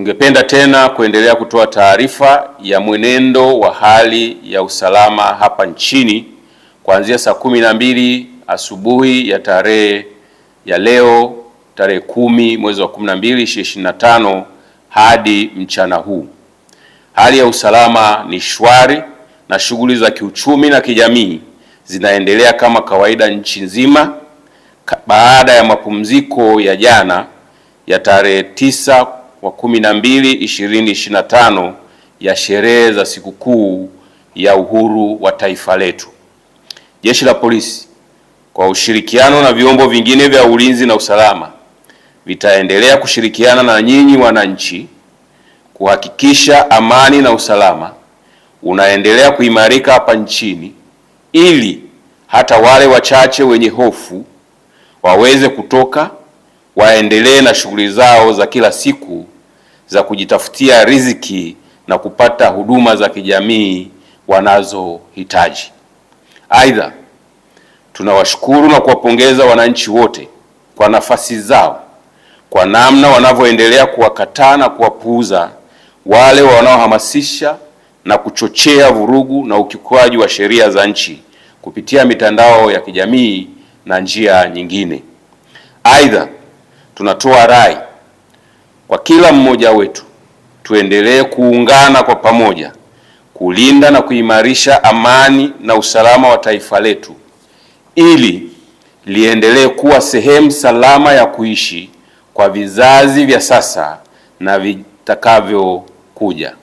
Tungependa tena kuendelea kutoa taarifa ya mwenendo wa hali ya usalama hapa nchini kuanzia saa kumi na mbili asubuhi ya tarehe ya leo tarehe kumi mwezi wa 12 2025 hadi mchana huu. Hali ya usalama ni shwari na shughuli za kiuchumi na kijamii zinaendelea kama kawaida nchi nzima baada ya mapumziko ya jana ya tarehe tisa wa 12 2025 ya sherehe za sikukuu ya uhuru wa taifa letu. Jeshi la Polisi kwa ushirikiano na vyombo vingine vya ulinzi na usalama vitaendelea kushirikiana na nyinyi wananchi kuhakikisha amani na usalama unaendelea kuimarika hapa nchini ili hata wale wachache wenye hofu waweze kutoka waendelee na shughuli zao za kila siku za kujitafutia riziki na kupata huduma za kijamii wanazohitaji. Aidha, tunawashukuru na kuwapongeza wananchi wote kwa nafasi zao, kwa namna wanavyoendelea kuwakataa na kuwapuuza wale wanaohamasisha na kuchochea vurugu na ukiukwaji wa sheria za nchi kupitia mitandao ya kijamii na njia nyingine. Aidha, tunatoa rai kwa kila mmoja wetu tuendelee kuungana kwa pamoja kulinda na kuimarisha amani na usalama wa taifa letu ili liendelee kuwa sehemu salama ya kuishi kwa vizazi vya sasa na vitakavyokuja.